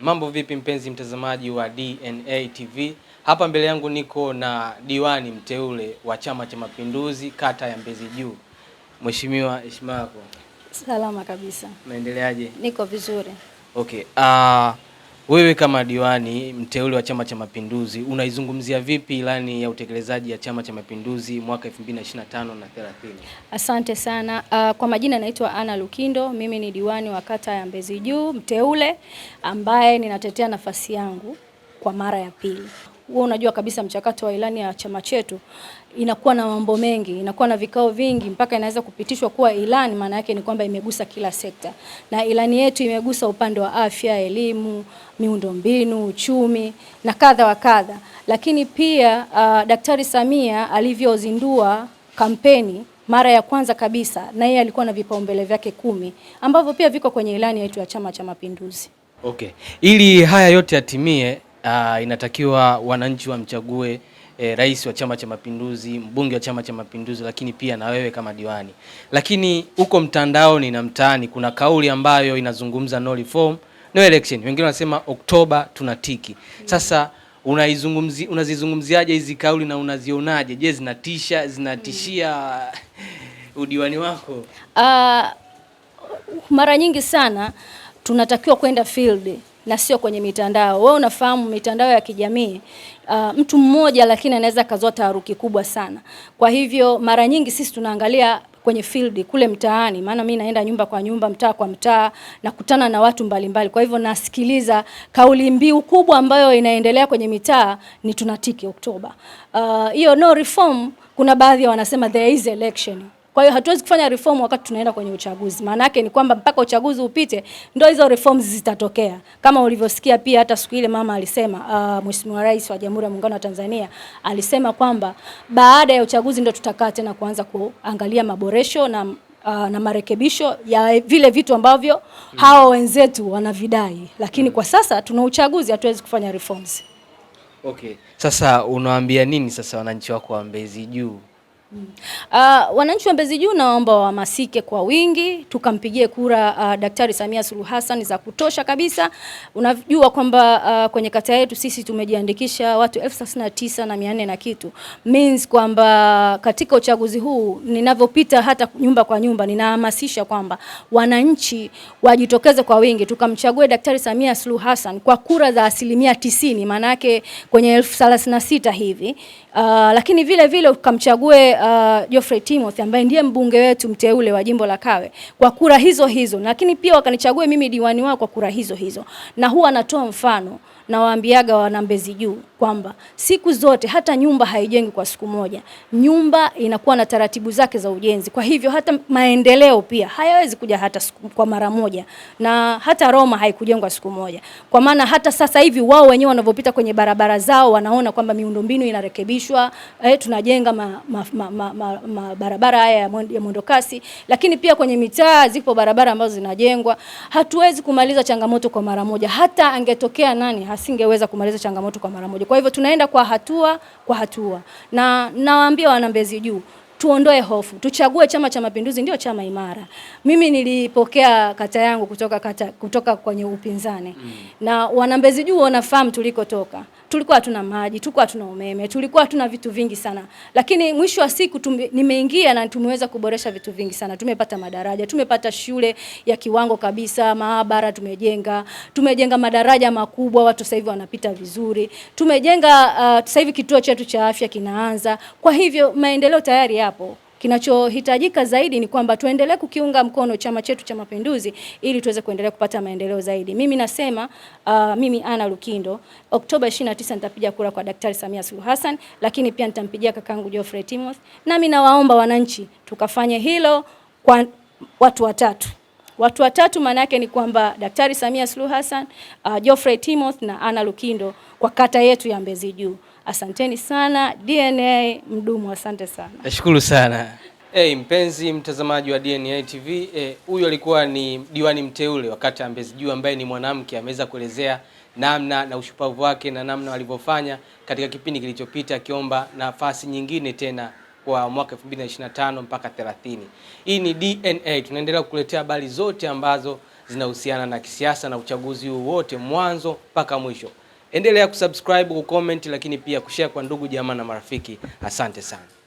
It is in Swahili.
Mambo vipi mpenzi mtazamaji wa DNA TV? Hapa mbele yangu niko na diwani mteule wa Chama cha Mapinduzi kata ya Mbezi Juu. Mheshimiwa, heshima yako. Salama kabisa. Unaendeleaje? Niko vizuri. Okay. Uh, wewe kama diwani mteule wa Chama cha Mapinduzi, unaizungumzia vipi ilani ya utekelezaji ya Chama cha Mapinduzi mwaka 2025 na 30? Asante sana. Uh, kwa majina naitwa Ana Lukindo, mimi ni diwani wa kata ya Mbezi Juu mteule ambaye ninatetea nafasi yangu kwa mara ya pili wewe unajua kabisa mchakato wa ilani ya chama chetu inakuwa na mambo mengi, inakuwa na vikao vingi mpaka inaweza kupitishwa kuwa ilani. Maana yake ni kwamba imegusa kila sekta, na ilani yetu imegusa upande wa afya, elimu, miundombinu, uchumi na kadha wa kadha. Lakini pia uh, Daktari Samia alivyozindua kampeni mara ya kwanza kabisa, na yeye alikuwa na vipaumbele vyake kumi ambavyo pia viko kwenye ilani yetu ya Chama cha Mapinduzi. Okay, ili haya yote yatimie uh, inatakiwa wananchi wamchague E, rais wa Chama cha Mapinduzi, mbunge wa Chama cha Mapinduzi, lakini pia na wewe kama diwani. Lakini huko mtandaoni na mtaani kuna kauli ambayo inazungumza no reform, no election, wengine wanasema Oktoba tunatiki. Sasa unaizungumzi, unazizungumziaje hizi kauli na unazionaje? Je, zinatisha zinatishia udiwani wako? Uh, mara nyingi sana tunatakiwa kwenda field na sio kwenye mitandao. Wewe unafahamu mitandao ya kijamii uh, mtu mmoja lakini anaweza kazoa taharuki kubwa sana. Kwa hivyo mara nyingi sisi tunaangalia kwenye field kule mtaani, maana mimi naenda nyumba kwa nyumba, mtaa kwa mtaa, nakutana na watu mbalimbali mbali. Kwa hivyo nasikiliza kauli mbiu kubwa ambayo inaendelea kwenye mitaa ni tunatiki Oktoba. Uh, hiyo uh, no reform, kuna baadhi wanasema there is election kwa hiyo hatuwezi kufanya reform wakati tunaenda kwenye uchaguzi. Maana yake ni kwamba mpaka uchaguzi upite ndio hizo reforms zitatokea. Kama ulivyosikia pia hata siku ile mama alisema, uh, Mheshimiwa Rais wa Jamhuri ya Muungano wa Tanzania alisema kwamba baada ya uchaguzi ndio tutakaa tena kuanza kuangalia maboresho na Uh, na marekebisho ya vile vitu ambavyo mm. hawa wenzetu wanavidai, lakini mm. kwa sasa tuna uchaguzi, hatuwezi kufanya reforms. Okay. Sasa unawaambia nini sasa wananchi wako wa Mbezi Juu? Uh, wananchi wa Mbezi Juu naomba wahamasike kwa wingi tukampigie kura uh, Daktari Samia Suluhu Hassan za kutosha kabisa. Unajua kwamba uh, kwenye kata yetu sisi tumejiandikisha watu elfu thelathini na tisa na mia nne na kitu. Means kwamba katika uchaguzi huu ninavyopita hata nyumba kwa nyumba ninahamasisha kwamba wananchi wajitokeze kwa wingi tukamchague Daktari Samia Suluhu Hassan kwa kura za asilimia tisini maanake kwenye elfu thelathini na sita hivi uh, lakini vile vile ukamchague Uh, Geoffrey uh, Timothy ambaye ndiye mbunge wetu mteule wa jimbo la Kawe kwa kura hizo hizo, lakini pia wakanichague mimi diwani wao kwa kura hizo hizo, na huwa anatoa mfano nawaambiaga wana Mbezi Juu kwamba siku zote hata nyumba haijengi kwa siku moja. Nyumba inakuwa na taratibu zake za ujenzi. Kwa hivyo hata maendeleo pia hayawezi kuja hata siku, kwa mara moja, na hata Roma haikujengwa siku moja. Kwa maana hata sasa hivi wao wenyewe wanavyopita kwenye barabara zao wanaona kwamba miundombinu inarekebishwa, eh, tunajenga ma, ma, ma, ma, ma, ma barabara haya ya mwendokasi, lakini pia kwenye mitaa zipo barabara ambazo zinajengwa. Hatuwezi kumaliza changamoto kwa mara moja, hata angetokea nani asingeweza kumaliza changamoto kwa mara moja. Kwa hivyo tunaenda kwa hatua kwa hatua, na nawaambia wanambezi juu tuondoe hofu, tuchague Chama cha Mapinduzi, ndio chama imara. Mimi nilipokea kata yangu kutoka, kata, kutoka kwenye upinzani mm. na wanambezi juu wanafahamu tulikotoka tulikuwa hatuna maji, tulikuwa hatuna umeme, tulikuwa hatuna vitu vingi sana, lakini mwisho wa siku tume, nimeingia na tumeweza kuboresha vitu vingi sana. Tumepata madaraja, tumepata shule ya kiwango kabisa, maabara tumejenga, tumejenga madaraja makubwa, watu sasa hivi wanapita vizuri, tumejenga uh, sasa hivi kituo chetu cha afya kinaanza. Kwa hivyo maendeleo tayari yapo. Kinachohitajika zaidi ni kwamba tuendelee kukiunga mkono chama chetu cha Mapinduzi ili tuweze kuendelea kupata maendeleo zaidi. Mimi nasema uh, mimi ana Lukindo Oktoba 29 nitapiga kura kwa Daktari Samia Suluhu Hassan, lakini pia nitampigia kakangu Geoffrey timoth Nami nawaomba wananchi tukafanye hilo kwa watu watatu watu watatu maana yake ni kwamba Daktari Samia Suluhu Hassan, uh, Geoffrey Timoth na ana Lukindo kwa kata yetu ya Mbezi Juu. Asanteni sana DNA mdumu, asante sana, nashukuru sana. Hey, mpenzi mtazamaji wa DNA TV, eh, huyu hey, alikuwa ni diwani mteule wakati ambezi Mbezi Juu ambaye ni mwanamke, ameweza kuelezea namna na ushupavu wake na namna walivyofanya katika kipindi kilichopita, akiomba nafasi nyingine tena kwa mwaka 2025 mpaka 30. Hii ni DNA, tunaendelea kukuletea habari zote ambazo zinahusiana na kisiasa na uchaguzi huu wote mwanzo mpaka mwisho. Endelea kusubscribe, kucomment, lakini pia kushare kwa ndugu jamaa na marafiki. Asante sana.